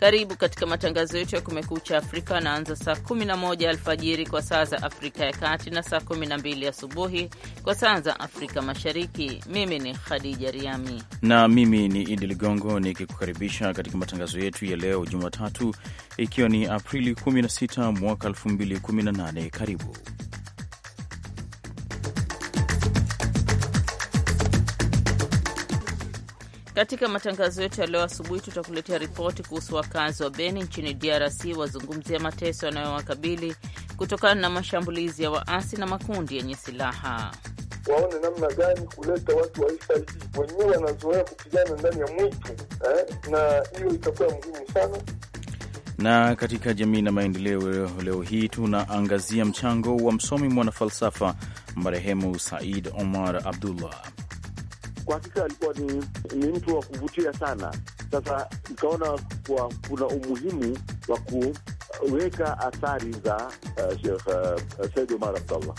Karibu katika matangazo yetu ya Kumekucha Afrika anaanza saa 11 alfajiri kwa saa za Afrika ya Kati na saa 12 asubuhi kwa saa za Afrika Mashariki. Mimi ni Khadija Riami na mimi ni Idi Ligongo nikikukaribisha katika matangazo yetu ya leo Jumatatu, ikiwa ni Aprili 16 mwaka 2018. Karibu Katika matangazo yetu ya leo asubuhi, tutakuletea ripoti kuhusu wakazi wa Beni nchini DRC wazungumzia mateso yanayowakabili kutokana na mashambulizi ya waasi na makundi yenye silaha waone namna gani kuleta watu waisa wenyewe wanazoea kupigana ndani ya mwitu eh, na hiyo itakuwa muhimu sana. Na katika jamii na maendeleo, leo hii tunaangazia mchango wa msomi mwanafalsafa marehemu Said Omar Abdullah kwa hakika alikuwa ni, ni mtu wa kuvutia sana. Sasa nikaona kwa kuna umuhimu wa kuweka athari za uh, Sheikh uh, Said Omar Abdallah.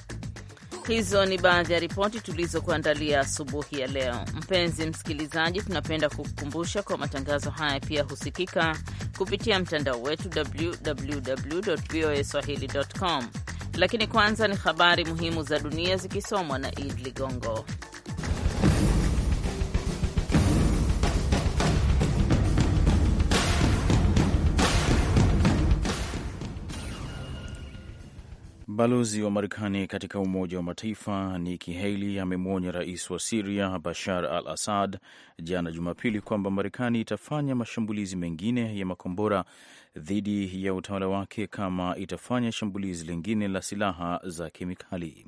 Hizo ni baadhi ya ripoti tulizokuandalia asubuhi ya leo. Mpenzi msikilizaji, tunapenda kukukumbusha kwa matangazo haya pia husikika kupitia mtandao wetu www voa swahili com. Lakini kwanza ni habari muhimu za dunia zikisomwa na Id Ligongo. Balozi wa Marekani katika Umoja wa Mataifa Nikki Haley amemwonya rais wa Siria Bashar al Assad jana Jumapili kwamba Marekani itafanya mashambulizi mengine ya makombora dhidi ya utawala wake kama itafanya shambulizi lingine la silaha za kemikali.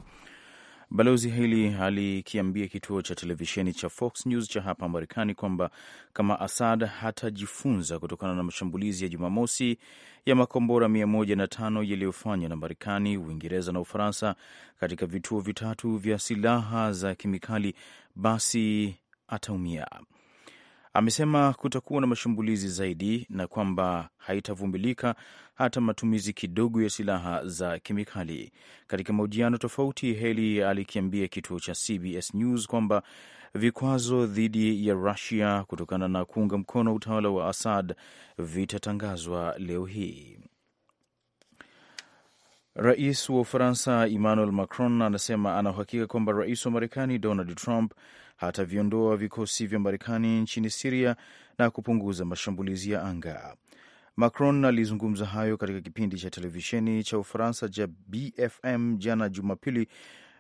Balozi Hili alikiambia kituo cha televisheni cha Fox News cha hapa Marekani kwamba kama Assad hatajifunza kutokana na mashambulizi ya Jumamosi ya makombora 105 yaliyofanywa na Marekani, Uingereza na Ufaransa katika vituo vitatu vya silaha za kemikali, basi ataumia. Amesema kutakuwa na mashambulizi zaidi na kwamba haitavumilika hata matumizi kidogo ya silaha za kemikali. Katika mahojiano tofauti, Heli alikiambia kituo cha CBS News kwamba vikwazo dhidi ya Rusia kutokana na kuunga mkono utawala wa Assad vitatangazwa leo hii. Rais wa Ufaransa Emmanuel Macron anasema anauhakika kwamba rais wa Marekani Donald Trump hataviondoa vikosi vya Marekani nchini Siria na kupunguza mashambulizi ya anga. Macron alizungumza hayo katika kipindi cha televisheni cha Ufaransa cha BFM jana Jumapili,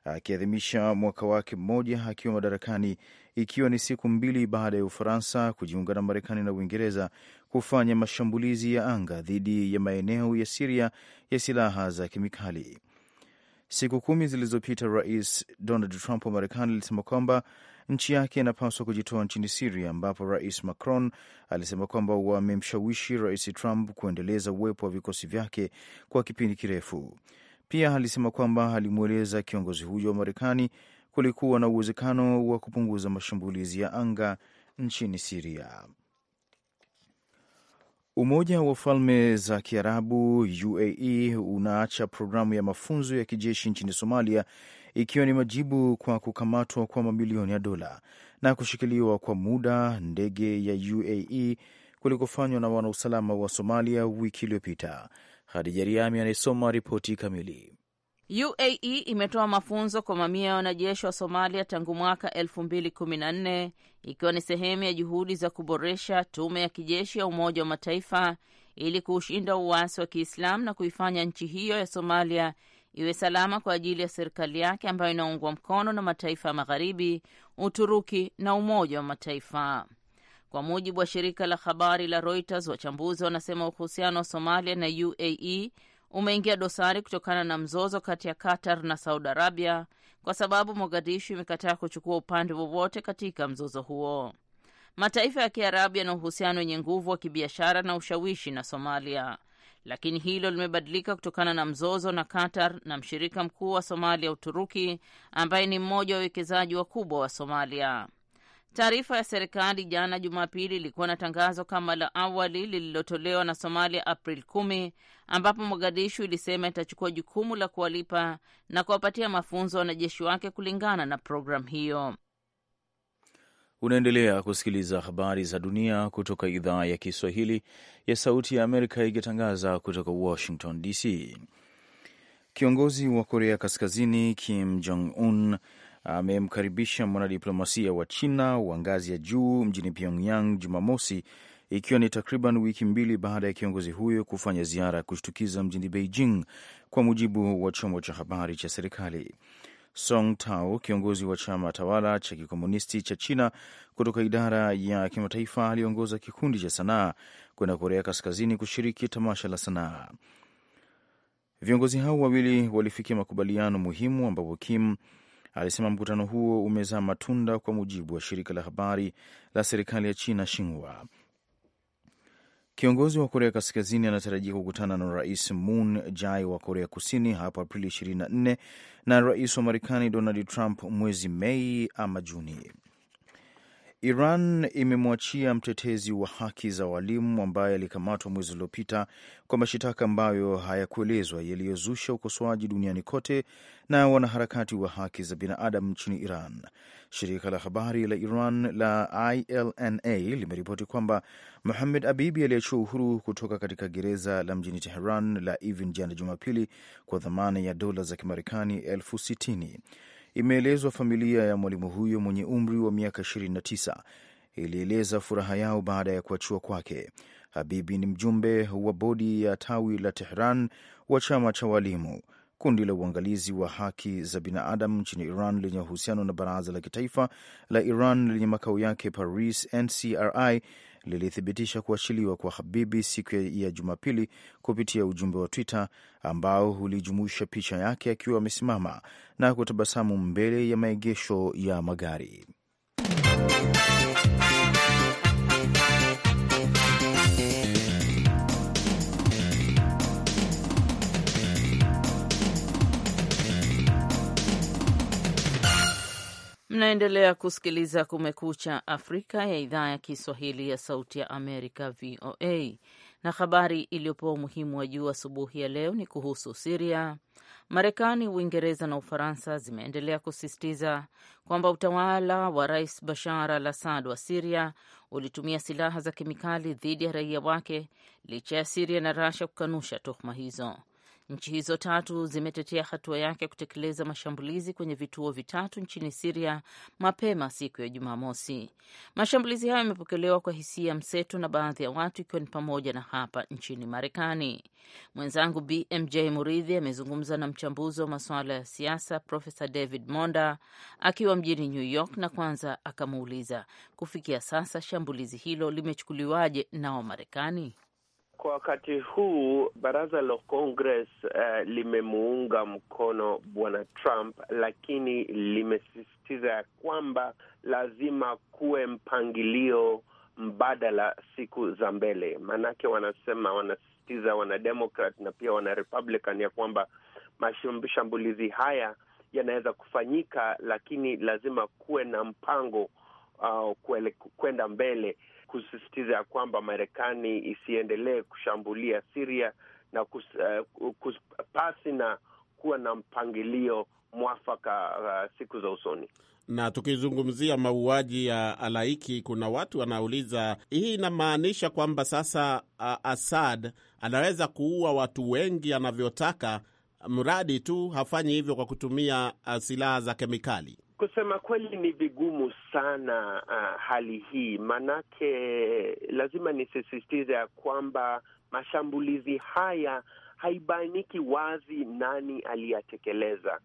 akiadhimisha mwaka wake mmoja akiwa madarakani, ikiwa ni siku mbili baada ya Ufaransa kujiunga na Marekani na Uingereza kufanya mashambulizi ya anga dhidi ya maeneo ya Siria ya silaha za kemikali. Siku kumi zilizopita, Rais Donald Trump wa Marekani alisema kwamba nchi yake inapaswa kujitoa nchini Siria, ambapo Rais Macron alisema kwamba wamemshawishi Rais Trump kuendeleza uwepo wa vikosi vyake kwa kipindi kirefu. Pia alisema kwamba alimweleza kiongozi huyo wa Marekani kulikuwa na uwezekano wa kupunguza mashambulizi ya anga nchini Siria. Umoja wa Falme za Kiarabu UAE unaacha programu ya mafunzo ya kijeshi nchini Somalia ikiwa ni majibu kwa kukamatwa kwa mamilioni ya dola na kushikiliwa kwa muda ndege ya UAE kulikofanywa na wanausalama wa Somalia wiki iliyopita. Hadija Riami anayesoma ripoti kamili. UAE imetoa mafunzo kwa mamia ya wanajeshi wa Somalia tangu mwaka 2014 ikiwa ni sehemu ya juhudi za kuboresha tume ya kijeshi ya Umoja wa Mataifa ili kuushinda uasi wa Kiislamu na kuifanya nchi hiyo ya Somalia iwe salama kwa ajili ya serikali yake ambayo inaungwa mkono na mataifa ya Magharibi, Uturuki na Umoja wa Mataifa. Kwa mujibu wa shirika la habari la Reuters, wachambuzi wanasema uhusiano wa Somalia na UAE umeingia dosari kutokana na mzozo kati ya Qatar na Saudi Arabia kwa sababu Mogadishu imekataa kuchukua upande wowote katika mzozo huo. Mataifa ya Kiarabu yana uhusiano wenye nguvu wa kibiashara na ushawishi na Somalia, lakini hilo limebadilika kutokana na mzozo na Qatar na mshirika mkuu wa Somalia, Uturuki, ambaye ni mmoja wa wawekezaji wakubwa wa Somalia. Taarifa ya serikali jana Jumapili ilikuwa na tangazo kama la awali lililotolewa na Somalia April 1 ambapo Mogadishu ilisema itachukua jukumu la kuwalipa na kuwapatia mafunzo wanajeshi wake kulingana na programu hiyo. Unaendelea kusikiliza habari za dunia kutoka idhaa ya Kiswahili ya Sauti ya Amerika ikitangaza kutoka Washington DC. Kiongozi wa Korea Kaskazini Kim Jong Un amemkaribisha mwanadiplomasia wa China wa ngazi ya juu mjini Pyongyang Jumamosi, ikiwa ni takriban wiki mbili baada ya kiongozi huyo kufanya ziara ya kushtukiza mjini Beijing, kwa mujibu wa chombo cha habari cha serikali. Song Tao, kiongozi wa chama tawala cha kikomunisti cha China kutoka idara ya kimataifa, aliongoza kikundi cha sanaa kwenda Korea Kaskazini kushiriki tamasha la sanaa. Viongozi hao wawili walifikia makubaliano muhimu ambapo Kim alisema mkutano huo umezaa matunda, kwa mujibu wa shirika la habari la serikali ya China Xinhua. Kiongozi wa Korea Kaskazini anatarajia kukutana na Rais Moon Jae wa Korea Kusini hapo Aprili 24 na rais wa Marekani Donald Trump mwezi Mei ama Juni. Iran imemwachia mtetezi wa haki za walimu ambaye alikamatwa mwezi uliopita kwa mashitaka ambayo hayakuelezwa yaliyozusha ukosoaji duniani kote na wanaharakati wa haki za binadamu nchini Iran. Shirika la habari la Iran la ILNA limeripoti kwamba muhamed Abibi aliachiwa uhuru kutoka katika gereza la mjini Teheran la Evin jana Jumapili kwa dhamana ya dola za Kimarekani elfu sitini. Imeelezwa familia ya mwalimu huyo mwenye umri wa miaka 29 ilieleza furaha yao baada ya kuachiwa kwake. Habibi ni mjumbe wa bodi ya tawi la Tehran wa chama cha walimu, kundi la uangalizi wa haki za binadamu nchini Iran lenye uhusiano na baraza la kitaifa la Iran lenye makao yake Paris, NCRI lilithibitisha kuachiliwa kwa Habibi siku ya Jumapili kupitia ujumbe wa Twitter ambao ulijumuisha picha yake akiwa amesimama na kutabasamu mbele ya maegesho ya magari. Mnaendelea kusikiliza Kumekucha Afrika ya idhaa ya Kiswahili ya Sauti ya Amerika, VOA. Na habari iliyopewa umuhimu wa juu asubuhi ya leo ni kuhusu Siria. Marekani, Uingereza na Ufaransa zimeendelea kusisitiza kwamba utawala wa Rais Bashar al Assad wa Siria ulitumia silaha za kemikali dhidi ya raia wake licha ya Siria na Rasha kukanusha tuhuma hizo. Nchi hizo tatu zimetetea hatua yake kutekeleza mashambulizi kwenye vituo vitatu nchini Siria mapema siku ya Jumamosi. Mashambulizi hayo yamepokelewa kwa hisia mseto na baadhi ya watu, ikiwa ni pamoja na hapa nchini Marekani. Mwenzangu BMJ Muridhi amezungumza na mchambuzi wa masuala ya siasa Profesa David Monda akiwa mjini New York, na kwanza akamuuliza kufikia sasa shambulizi hilo limechukuliwaje na Wamarekani? kwa wakati huu baraza la Congress uh, limemuunga mkono bwana Trump, lakini limesisitiza ya kwamba lazima kuwe mpangilio mbadala siku za mbele. Maanake wanasema wanasisitiza wanademokrat na pia wanarepublican ya kwamba mashambulizi haya yanaweza kufanyika, lakini lazima kuwe na mpango uh, kwenda mbele kusisitiza ya kwamba Marekani isiendelee kushambulia Siria na kus, uh, kus, pasi na kuwa na mpangilio mwafaka uh, siku za usoni. Na tukizungumzia mauaji ya halaiki, kuna watu wanauliza hii inamaanisha kwamba sasa uh, Assad anaweza kuua watu wengi anavyotaka, mradi tu hafanyi hivyo kwa kutumia uh, silaha za kemikali. Kusema kweli ni vigumu sana uh, hali hii, maanake lazima nisisitize ya kwamba mashambulizi haya haibainiki wazi nani aliyatekeleza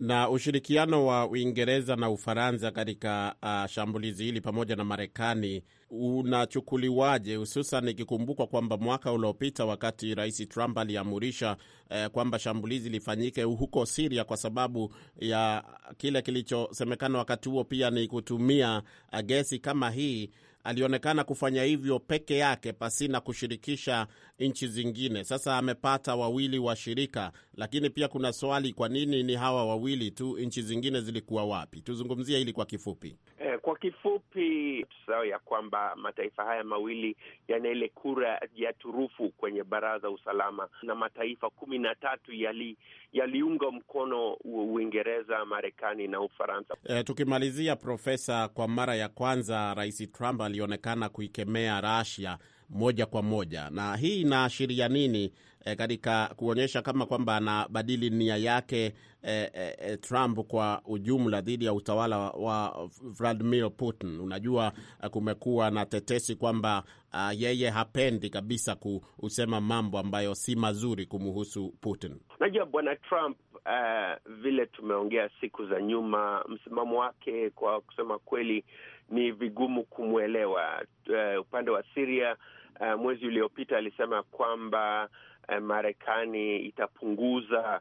na ushirikiano wa Uingereza na Ufaransa katika uh, shambulizi hili pamoja na Marekani unachukuliwaje, hususan ikikumbukwa kwamba mwaka uliopita wakati Rais Trump aliamurisha eh, kwamba shambulizi lifanyike huko Siria kwa sababu ya kile kilichosemekana wakati huo pia ni kutumia uh, gesi kama hii, alionekana kufanya hivyo peke yake pasina kushirikisha nchi zingine. Sasa amepata wawili wa shirika, lakini pia kuna swali, kwa nini ni hawa wawili tu? Nchi zingine zilikuwa wapi? Tuzungumzie hili kwa kifupi. Eh, kwa kifupi tusahau ya kwamba mataifa haya mawili yana ile kura ya turufu kwenye baraza usalama, na mataifa kumi na tatu yali yaliunga mkono Uingereza, Marekani na Ufaransa. Eh, tukimalizia, Profesa, kwa mara ya kwanza Rais Trump alionekana kuikemea Russia moja kwa moja, na hii inaashiria nini e, katika kuonyesha kama kwamba anabadili nia yake e, e, Trump kwa ujumla dhidi ya utawala wa Vladimir Putin? Unajua, kumekuwa na tetesi kwamba a, yeye hapendi kabisa kusema mambo ambayo si mazuri kumuhusu Putin. Unajua bwana Trump Uh, vile tumeongea siku za nyuma, msimamo wake kwa kusema kweli ni vigumu kumwelewa. Uh, upande wa Syria uh, mwezi uliopita alisema kwamba uh, Marekani itapunguza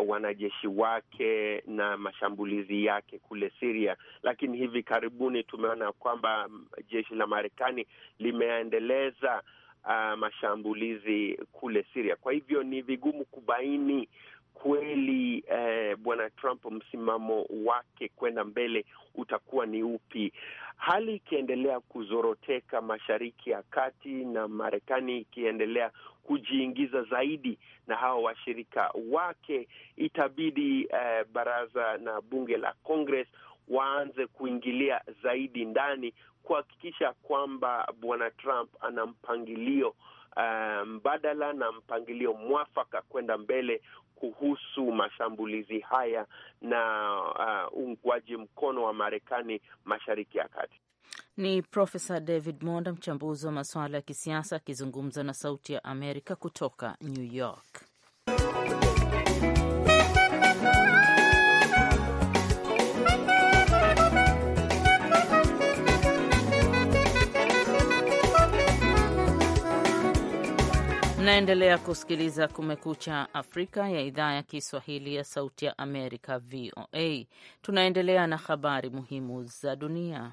eh, wanajeshi wake na mashambulizi yake kule Siria, lakini hivi karibuni tumeona kwamba mm, jeshi la Marekani limeendeleza uh, mashambulizi kule Siria. Kwa hivyo ni vigumu kubaini kweli eh, bwana Trump msimamo wake kwenda mbele utakuwa ni upi? Hali ikiendelea kuzoroteka mashariki ya kati na Marekani ikiendelea kujiingiza zaidi na hawa washirika wake, itabidi eh, baraza na bunge la Congress waanze kuingilia zaidi ndani kuhakikisha kwamba bwana Trump ana mpangilio eh, mbadala na mpangilio mwafaka kwenda mbele kuhusu mashambulizi haya na uh, uungwaji uh, mkono wa Marekani mashariki ya kati. Ni Profesa David Monda, mchambuzi wa masuala ya kisiasa akizungumza na Sauti ya Amerika kutoka New York. Unaendelea kusikiliza Kumekucha Afrika ya idhaa ya Kiswahili ya Sauti ya Amerika, VOA. Tunaendelea na habari muhimu za dunia.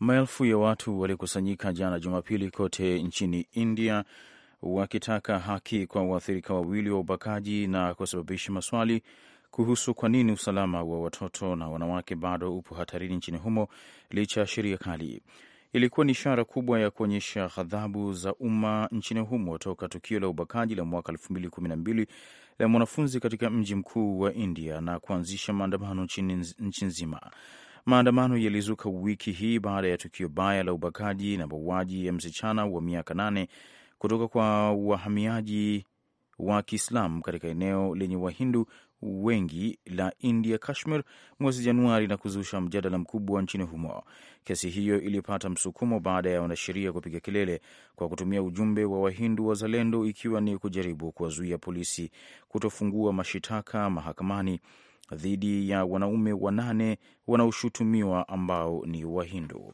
Maelfu ya watu walikusanyika jana Jumapili kote nchini India wakitaka haki kwa waathirika wawili wa ubakaji na kusababisha maswali kuhusu kwa nini usalama wa watoto na wanawake bado upo hatarini nchini humo licha ya sheria kali. Ilikuwa ni ishara kubwa ya kuonyesha ghadhabu za umma nchini humo toka tukio la ubakaji la mwaka mbili la mwanafunzi katika mji mkuu wa India na kuanzisha maandamano nchi nzima. Maandamano yalizuka wiki hii baada ya tukio baya la ubakaji na mauaji ya msichana wa miaka nane kutoka kwa wahamiaji wa Kiislamu katika eneo lenye Wahindu wengi la India Kashmir mwezi Januari na kuzusha mjadala mkubwa nchini humo. Kesi hiyo ilipata msukumo baada ya wanasheria kupiga kelele kwa kutumia ujumbe wa Wahindu wazalendo, ikiwa ni kujaribu kuwazuia polisi kutofungua mashitaka mahakamani dhidi ya wanaume wanane wanaoshutumiwa ambao ni Wahindu.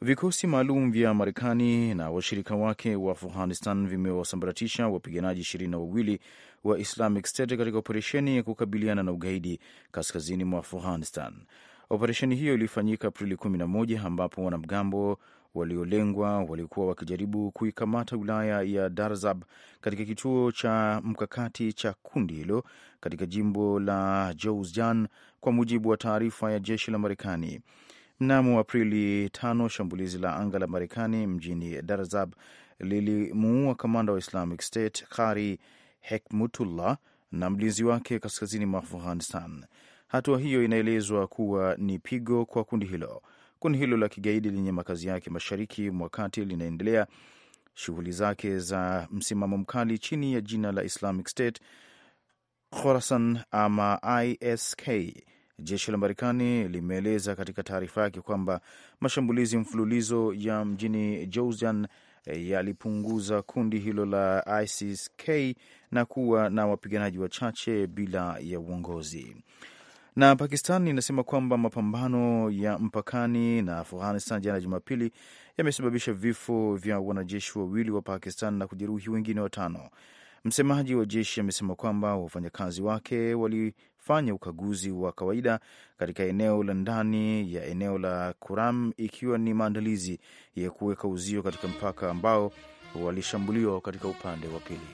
Vikosi maalum vya Marekani na washirika wake wa Afghanistan vimewasambaratisha wapiganaji ishirini na wawili wa Islamic State katika operesheni ya kukabiliana na ugaidi kaskazini mwa Afghanistan. Operesheni hiyo ilifanyika Aprili 11 ambapo wanamgambo waliolengwa walikuwa wakijaribu kuikamata wilaya ya Darzab katika kituo cha mkakati cha kundi hilo katika jimbo la Jawzjan, kwa mujibu wa taarifa ya jeshi la Marekani. Mnamo Aprili tano shambulizi la anga la Marekani mjini Darzab lilimuua kamanda wa Islamic State Qari Hekmutullah na mlinzi wake kaskazini mwa Afghanistan. Hatua hiyo inaelezwa kuwa ni pigo kwa kundi hilo. Kundi hilo la kigaidi lenye makazi yake mashariki mwa kati linaendelea shughuli zake za msimamo mkali chini ya jina la Islamic State Khorasan ama ISK. Jeshi la Marekani limeeleza katika taarifa yake kwamba mashambulizi mfululizo ya mjini Jauzian yalipunguza kundi hilo la ISIS-K na kuwa na wapiganaji wachache bila ya uongozi. Na Pakistan inasema kwamba mapambano ya mpakani na Afghanistan jana Jumapili yamesababisha vifo vya wanajeshi wawili wa Pakistan na kujeruhi wengine watano. Msemaji wa jeshi amesema kwamba wafanyakazi wake wali kufanya ukaguzi wa kawaida katika eneo la ndani ya eneo la Kuram, ikiwa ni maandalizi ya kuweka uzio katika mpaka ambao walishambuliwa katika upande wa pili.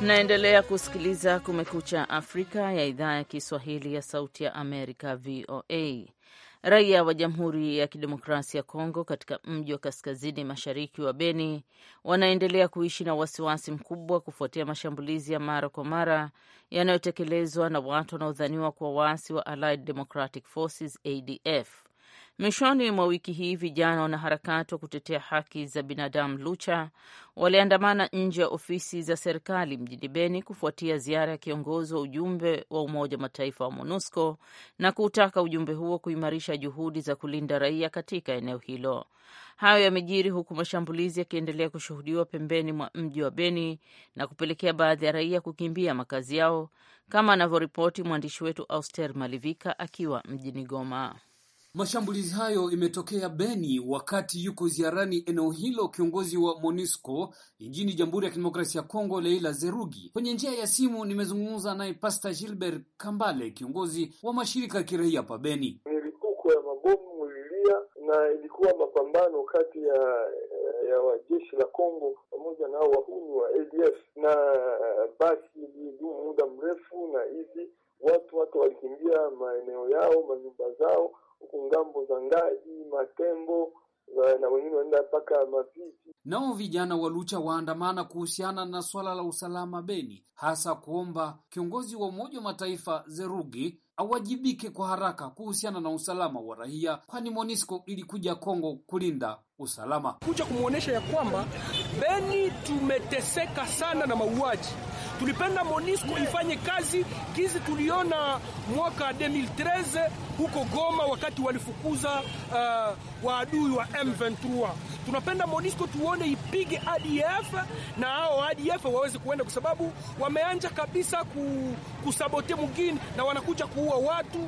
Naendelea kusikiliza Kumekucha Afrika ya idhaa ya Kiswahili ya Sauti ya Amerika, VOA. Raia wa Jamhuri ya Kidemokrasia ya Kongo katika mji wa kaskazini mashariki wa Beni wanaendelea kuishi na wasiwasi mkubwa kufuatia mashambulizi ya mara kwa mara yanayotekelezwa na watu wanaodhaniwa kuwa waasi wa Allied Democratic Forces ADF. Mwishoni mwa wiki hii vijana wanaharakati wa kutetea haki za binadamu Lucha waliandamana nje ya ofisi za serikali mjini Beni kufuatia ziara ya kiongozi wa ujumbe wa Umoja Mataifa wa MONUSCO na kuutaka ujumbe huo kuimarisha juhudi za kulinda raia katika eneo hilo. Hayo yamejiri huku mashambulizi yakiendelea kushuhudiwa pembeni mwa mji wa Beni na kupelekea baadhi ya raia kukimbia makazi yao, kama anavyoripoti mwandishi wetu Auster Malivika akiwa mjini Goma. Mashambulizi hayo imetokea Beni wakati yuko ziarani eneo hilo kiongozi wa MONUSCO nchini Jamhuri ya Kidemokrasia ya Kongo, Leila Zerugi. Kwenye njia ya simu nimezungumza naye Pasta Gilbert Kambale, kiongozi wa mashirika ya kiraia pa Beni. Milipuko ya mabomu mwililia na ilikuwa mapambano kati ya ya wajeshi la Kongo pamoja na wahuni wa ADF na basi ilidumu muda mrefu, na hivi watu watu walikimbia maeneo yao manyumba zao ngambo za Ngazi, Matembo na wengine wanaenda mpaka mapisi. Nao vijana wa Lucha waandamana kuhusiana na swala la usalama Beni, hasa kuomba kiongozi wa Umoja wa Mataifa Zerugi awajibike kwa haraka kuhusiana na usalama wa raia, kwani Monisco ilikuja Kongo kulinda usalama, kuja kumwonyesha ya kwamba Beni tumeteseka sana na mauaji Tulipenda Monisco ifanye kazi kizi, tuliona mwaka 2013 huko Goma wakati walifukuza uh, waadui wa M23. Tunapenda Monisco tuone ipige ADF na hao ADF waweze kuenda, kwa sababu wameanja kabisa ku, kusabote mugini na wanakuja kuua watu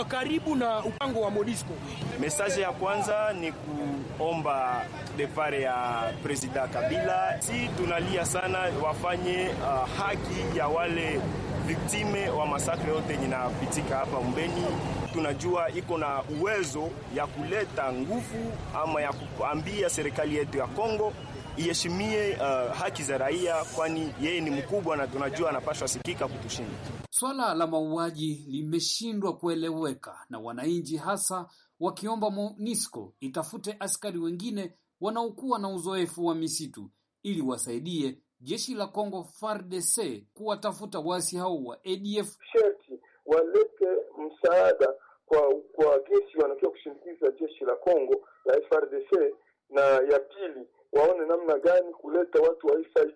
uh, karibu na upango wa Monisco. Mesaje ya kwanza ni kuomba depare ya Presida Kabila, si tunalia sana wafanye uh, haki haki ya wale viktime wa masakre yote inapitika hapa Mbeni. Tunajua iko na uwezo ya kuleta nguvu ama ya kuambia serikali yetu ya Kongo iheshimie uh, haki za raia, kwani yeye ni mkubwa na tunajua anapashwa sikika kutushinda. Swala la mauaji limeshindwa kueleweka na wananchi, hasa wakiomba MONUSCO itafute askari wengine wanaokuwa na uzoefu wa misitu ili wasaidie jeshi la Kongo FARDC kuwatafuta waasi hao wa ADF. Sherti walete msaada kwa kwa jeshi, wanakiwa kushindikiza jeshi la Kongo la FARDC, na ya pili waone namna gani kuleta watu wa FIB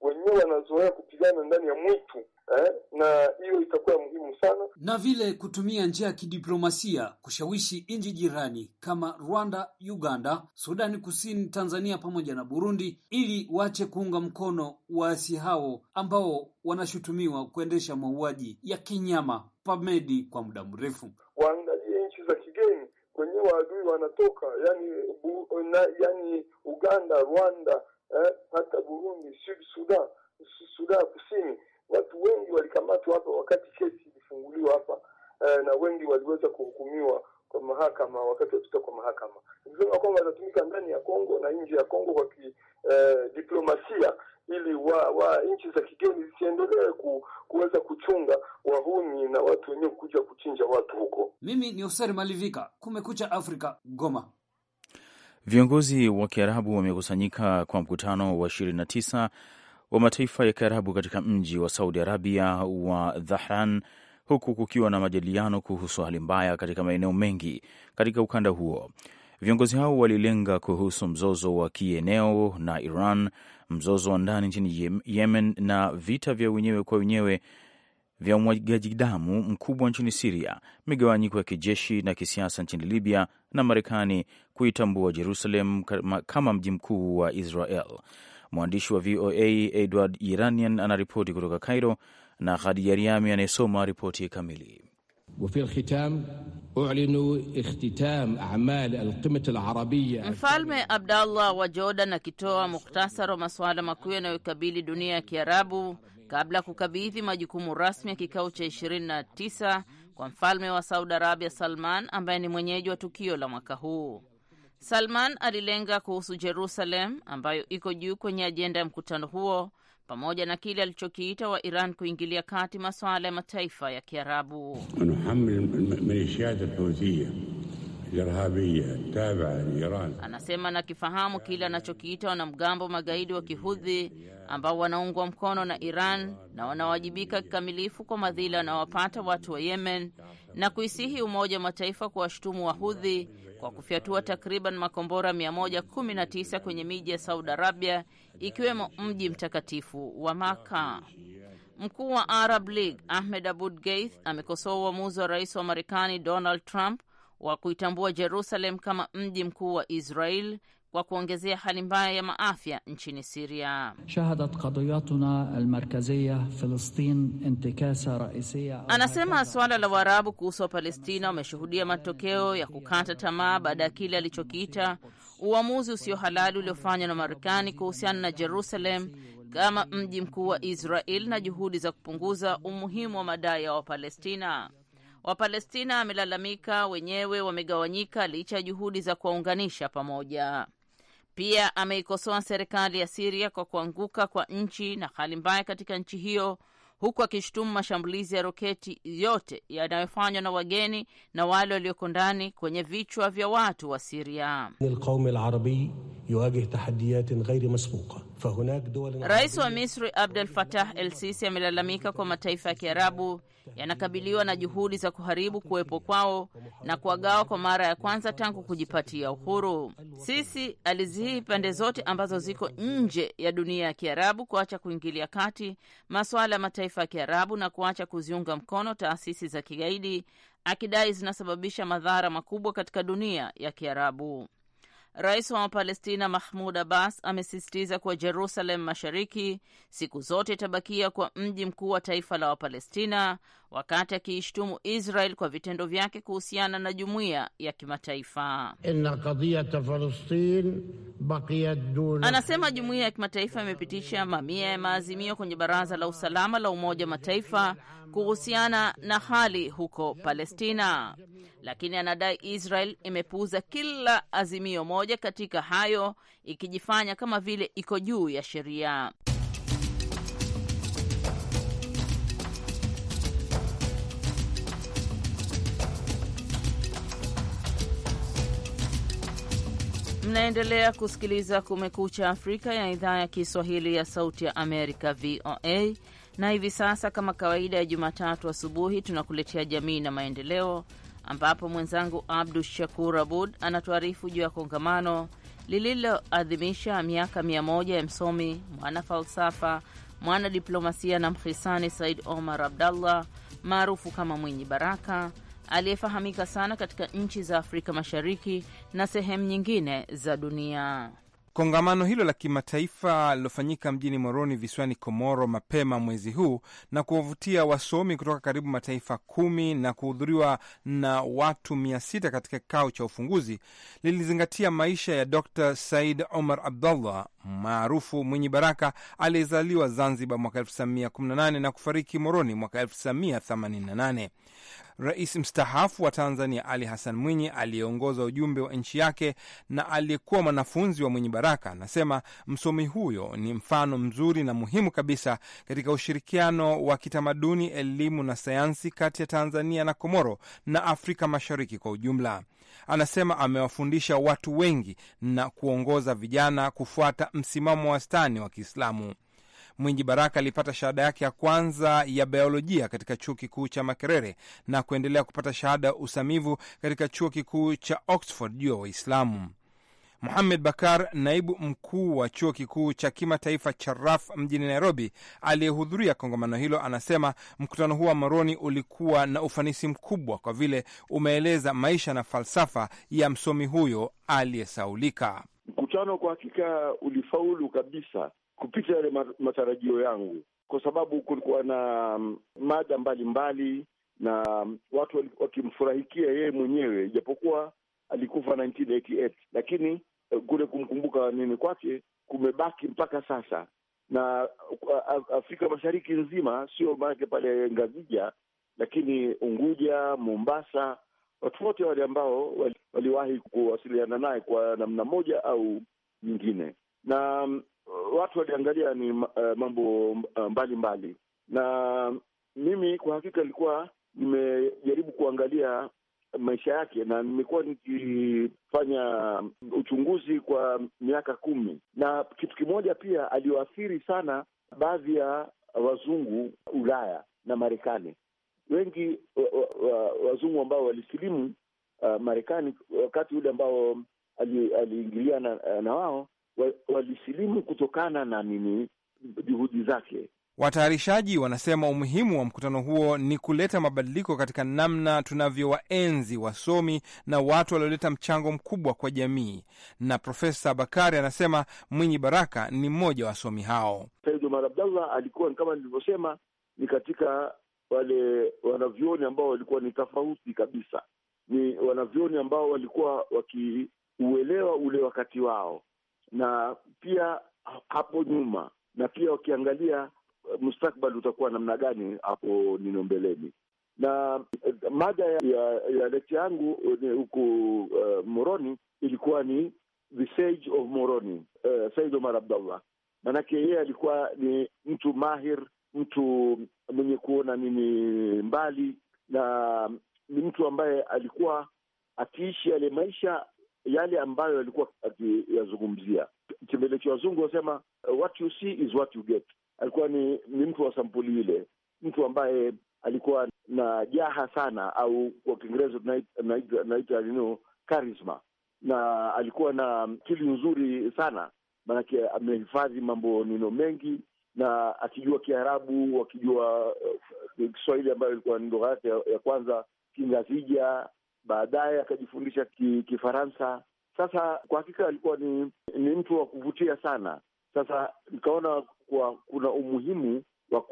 wenyewe wanazoea kupigana ndani ya mwitu eh, na hiyo itakuwa muhimu sana, na vile kutumia njia ya kidiplomasia kushawishi nchi jirani kama Rwanda, Uganda, Sudani Kusini, Tanzania pamoja na Burundi ili waache kuunga mkono waasi hao ambao wanashutumiwa kuendesha mauaji ya kinyama pamedi kwa muda mrefu. Waangalie nchi za kigeni kwenye waadui wanatoka, yani, bu, na, yani Uganda, Rwanda eh, hata Burundi, Sud Sudan, Sudan Kusini Watu wengi walikamatwa hapa wakati kesi ilifunguliwa hapa eh, na wengi waliweza kuhukumiwa kwa mahakama wakati wakitoka kwa mahakama. ikisema kwamba watatumika ndani ya Kongo na nje ya Kongo kwa kidiplomasia eh, ili wa, wa nchi za kigeni zisiendelee ku, kuweza kuchunga wahuni na watu wenyewe kuja kuchinja watu huko. Mimi ni Hussein Malivika, Kumekucha Afrika, Goma. Viongozi wa Kiarabu wamekusanyika kwa mkutano wa na tisa wa mataifa ya Kiarabu katika mji wa Saudi Arabia wa Dhahran, huku kukiwa na majadiliano kuhusu hali mbaya katika maeneo mengi katika ukanda huo. Viongozi hao walilenga kuhusu mzozo wa kieneo na Iran, mzozo wa ndani nchini Yemen na vita vya wenyewe kwa wenyewe vya umwagaji damu mkubwa nchini Siria, migawanyiko ya kijeshi na kisiasa nchini Libya na Marekani kuitambua Jerusalem kama mji mkuu wa Israel. Mwandishi wa VOA Edward Iranian anaripoti kutoka Cairo na Khadija Riami anayesoma ripoti kamili. Mfalme Abdallah wa Jordan akitoa mukhtasari wa masuala makuu yanayoikabili dunia ya Kiarabu kabla ya kukabidhi majukumu rasmi ya kikao cha 29 kwa mfalme wa Saudi Arabia Salman ambaye ni mwenyeji wa tukio la mwaka huu. Salman alilenga kuhusu Jerusalem ambayo iko juu kwenye ajenda ya mkutano huo pamoja na kile alichokiita wa Iran kuingilia kati masuala ya mataifa ya Kiarabu. Anasema na kile anachokiita wanamgambo magaidi wa Kihudhi ambao wanaungwa mkono na Iran na wanawajibika kikamilifu kwa madhila wanaowapata watu wa Yemen, na kuisihi Umoja wa Mataifa kuwashutumu Wahudhi kwa kufyatua takriban makombora 119 kwenye miji ya Saudi Arabia ikiwemo mji mtakatifu wa Maka. Mkuu wa Arab League Ahmed Abud gaith amekosoa uamuzi wa rais wa Marekani Donald Trump wa kuitambua Jerusalem kama mji mkuu wa Israel kwa kuongezea hali mbaya ya maafya nchini Siria. shahadat qadiyatuna almarkaziya filistin intikasa raisiya, Anasema suala la Waarabu kuhusu Wapalestina wameshuhudia matokeo ya kukata tamaa baada ya kile alichokiita uamuzi usio halali uliofanywa na Marekani kuhusiana na Jerusalem kama mji mkuu wa Israel na juhudi za kupunguza umuhimu wa madai ya Wapalestina. Wapalestina wamelalamika wenyewe wamegawanyika licha ya juhudi za kuwaunganisha pamoja. Pia ameikosoa serikali ya Siria kwa kuanguka kwa nchi na hali mbaya katika nchi hiyo, huku akishutumu mashambulizi ya roketi yote yanayofanywa na wageni na wale walioko ndani kwenye vichwa vya watu wa Siria. Rais wa Misri Abdel Fattah El Sisi amelalamika kwa mataifa ya Kiarabu yanakabiliwa na juhudi za kuharibu kuwepo kwao na kuwagawa kwa mara ya kwanza tangu kujipatia uhuru. Sisi alizihii pande zote ambazo ziko nje ya dunia ya Kiarabu kuacha kuingilia kati masuala ya mataifa ya Kiarabu na kuacha kuziunga mkono taasisi za kigaidi, akidai zinasababisha madhara makubwa katika dunia ya Kiarabu. Rais wa Palestina Mahmud Abbas amesisitiza kuwa Jerusalem Mashariki siku zote itabakia kwa mji mkuu wa taifa la Wapalestina wakati akiishtumu Israel kwa vitendo vyake kuhusiana na jumuiya ya kimataifa. Anasema jumuiya ya kimataifa imepitisha mamia ya maazimio kwenye Baraza la Usalama la Umoja wa Mataifa kuhusiana na hali huko Palestina, lakini anadai Israel imepuuza kila azimio moja katika hayo, ikijifanya kama vile iko juu ya sheria. Mnaendelea kusikiliza Kumekucha Afrika ya idhaa ya Kiswahili ya Sauti ya Amerika, VOA, na hivi sasa, kama kawaida ya Jumatatu asubuhi, tunakuletea Jamii na Maendeleo, ambapo mwenzangu Abdu Shakur Abud anatuarifu juu ya kongamano lililoadhimisha miaka mia moja ya msomi, mwana falsafa, mwana diplomasia na mhisani Said Omar Abdallah maarufu kama Mwinyi Baraka aliyefahamika sana katika nchi za Afrika Mashariki na sehemu nyingine za dunia. Kongamano hilo la kimataifa lilofanyika mjini Moroni visiwani Komoro mapema mwezi huu na kuwavutia wasomi kutoka karibu mataifa kumi na kuhudhuriwa na watu mia sita katika kikao cha ufunguzi lilizingatia maisha ya Dr Said Omar Abdullah maarufu Mwenye Baraka aliyezaliwa Zanzibar mwaka 1918 na kufariki Moroni mwaka 1988. Rais mstaafu wa Tanzania Ali Hassan Mwinyi aliyeongoza ujumbe wa nchi yake na aliyekuwa mwanafunzi wa Mwinyi Baraka anasema msomi huyo ni mfano mzuri na muhimu kabisa katika ushirikiano wa kitamaduni, elimu na sayansi kati ya Tanzania na Komoro na Afrika Mashariki kwa ujumla. Anasema amewafundisha watu wengi na kuongoza vijana kufuata msimamo wastani wa Kiislamu mwinji Baraka alipata shahada yake ya kwanza ya biolojia katika chuo kikuu cha Makerere na kuendelea kupata shahada usamivu katika chuo kikuu cha Oxford juu ya Waislamu. Muhamed Bakar, naibu mkuu wa chuo kikuu cha kimataifa cha Raf mjini Nairobi, aliyehudhuria kongamano hilo, anasema mkutano huu wa Moroni ulikuwa na ufanisi mkubwa kwa vile umeeleza maisha na falsafa ya msomi huyo aliyesaulika. Mkutano kwa hakika ulifaulu kabisa kupita yale matarajio yangu, kwa sababu kulikuwa na mm, mada mbalimbali na mm, watu wakimfurahikia yeye mwenyewe, ijapokuwa alikufa 1988 lakini eh, kule kumkumbuka nini kwake kumebaki mpaka sasa, na Afrika Mashariki nzima, sio maanake pale Ngazija, lakini Unguja, Mombasa, watu wote wale ambao waliwahi kuwasiliana naye kwa namna moja au nyingine. Na mm, Uh, watu waliangalia ni uh, mambo uh, mbalimbali mbali. Na mimi kwa hakika nilikuwa nimejaribu kuangalia maisha yake na nimekuwa nikifanya uchunguzi kwa miaka kumi, na kitu kimoja pia aliyoathiri sana baadhi ya wazungu Ulaya na Marekani, wengi wa, wa, wazungu ambao walisilimu uh, Marekani wakati ule ambao aliingiliana ali na wao walisilimu kutokana na nini juhudi zake. Watayarishaji wanasema umuhimu wa mkutano huo ni kuleta mabadiliko katika namna tunavyowaenzi wasomi na watu walioleta mchango mkubwa kwa jamii. Na Profesa Bakari anasema Mwinyi Baraka ni mmoja wa wasomi hao. Said Omar Abdallah alikuwa kama nilivyosema, ni katika wale wanavyoni ambao walikuwa ni tofauti kabisa, ni wanavyoni ambao walikuwa wakiuelewa ule wakati wao na pia hapo nyuma, na pia wakiangalia eh, mustakbali utakuwa namna gani hapo nino mbeleni. Na eh, mada ya, ya lekti yangu eh, huku uh, Moroni ilikuwa ni the sage of Moroni, uh, Said Omar Abdallah. Maanake yeye alikuwa ni mtu mahir, mtu mwenye kuona nini mbali, na ni mtu ambaye alikuwa akiishi yale maisha yale ambayo yalikuwa akiyazungumzia. Kimbele cha wazungu wasema what you see is what you get. Alikuwa ni, ni mtu wa sampuli ile, mtu ambaye alikuwa na jaha sana, au kwa Kiingereza tunaita nino charisma, na alikuwa na akili nzuri sana, maanake amehifadhi mambo nino mengi na akijua Kiarabu, akijua eh, Kiswahili ambayo ilikuwa ni lugha yake ya kwanza, Kingazija baadaye akajifundisha ki, Kifaransa. Sasa kwa hakika alikuwa ni, ni mtu wa kuvutia sana. Sasa nikaona kuwa kuna umuhimu wa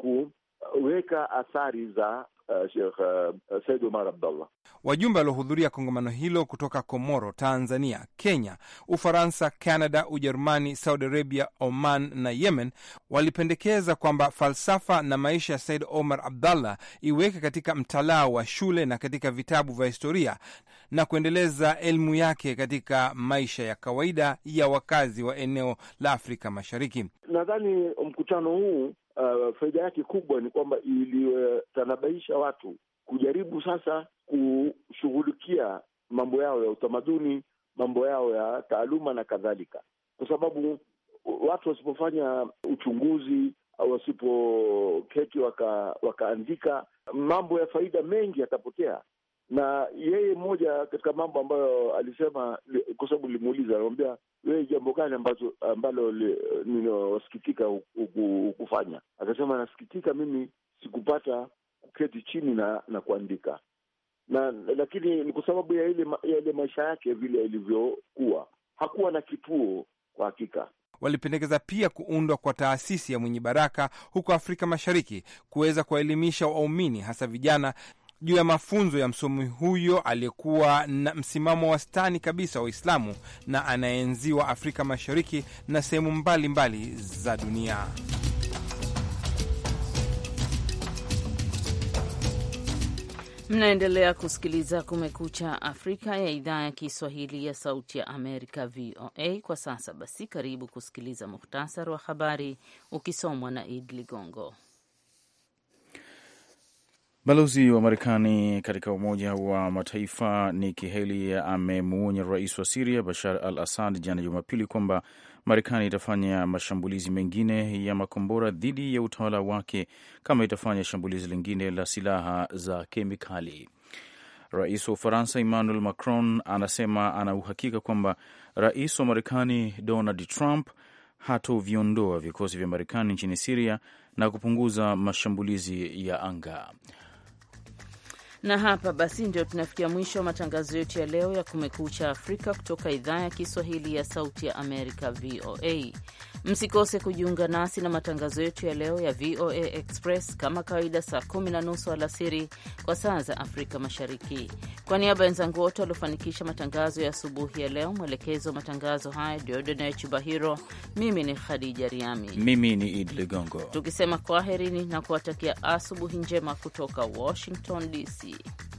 kuweka athari za uh, Sheikh uh, Said Omar Abdallah. Wajumbe waliohudhuria kongamano hilo kutoka Komoro, Tanzania, Kenya, Ufaransa, Canada, Ujerumani, Saudi Arabia, Oman na Yemen walipendekeza kwamba falsafa na maisha ya Said Omar Abdallah iweke katika mtalaa wa shule na katika vitabu vya historia na kuendeleza elimu yake katika maisha ya kawaida ya wakazi wa eneo la Afrika Mashariki. Nadhani mkutano huu uh, faida yake kubwa ni kwamba iliwatanabaisha watu kujaribu sasa kushughulikia mambo yao ya utamaduni, mambo yao ya taaluma na kadhalika, kwa sababu watu wasipofanya uchunguzi au wasipoketi waka, wakaandika mambo ya faida mengi yatapotea. Na yeye mmoja katika mambo ambayo alisema, kwa sababu nilimuuliza, anamwambia wewe, jambo gani ambazo ambalo ninawasikitika hukufanya? Akasema, nasikitika mimi sikupata kuketi chini na na kuandika na, lakini ni kwa sababu ya ile ya ile maisha yake vile ilivyokuwa, hakuwa na kituo kwa hakika. Walipendekeza pia kuundwa kwa taasisi ya Mwenye Baraka huko Afrika Mashariki kuweza kuwaelimisha waumini hasa vijana juu ya mafunzo ya msomi huyo aliyekuwa na msimamo wastani kabisa wa Uislamu na anaenziwa Afrika Mashariki na sehemu mbalimbali za dunia. Mnaendelea kusikiliza Kumekucha Afrika ya idhaa ya Kiswahili ya Sauti ya Amerika, VOA. Kwa sasa basi, karibu kusikiliza muhtasari wa habari ukisomwa na Id Ligongo. Balozi wa Marekani katika Umoja wa Mataifa Nikki Haley amemwonya rais wa Siria Bashar al Assad jana Jumapili kwamba Marekani itafanya mashambulizi mengine ya makombora dhidi ya utawala wake kama itafanya shambulizi lingine la silaha za kemikali. Rais wa Ufaransa Emmanuel Macron anasema ana uhakika kwamba rais wa Marekani Donald Trump hatoviondoa vikosi vya Marekani nchini Siria na kupunguza mashambulizi ya anga. Na hapa basi ndio tunafikia mwisho wa matangazo yetu ya leo ya Kumekucha Afrika kutoka idhaa ya Kiswahili ya Sauti ya Amerika, VOA. Msikose kujiunga nasi na matangazo yetu ya leo ya VOA Express kama kawaida, saa kumi na nusu alasiri kwa saa za Afrika Mashariki. Kwa niaba ya wenzangu wote waliofanikisha matangazo ya asubuhi ya leo, mwelekezo wa matangazo haya Diodone Chubahiro, mimi ni Khadija Riami, mimi ni Idi Ligongo, tukisema kwaherini na kuwatakia asubuhi njema kutoka Washington DC. 己。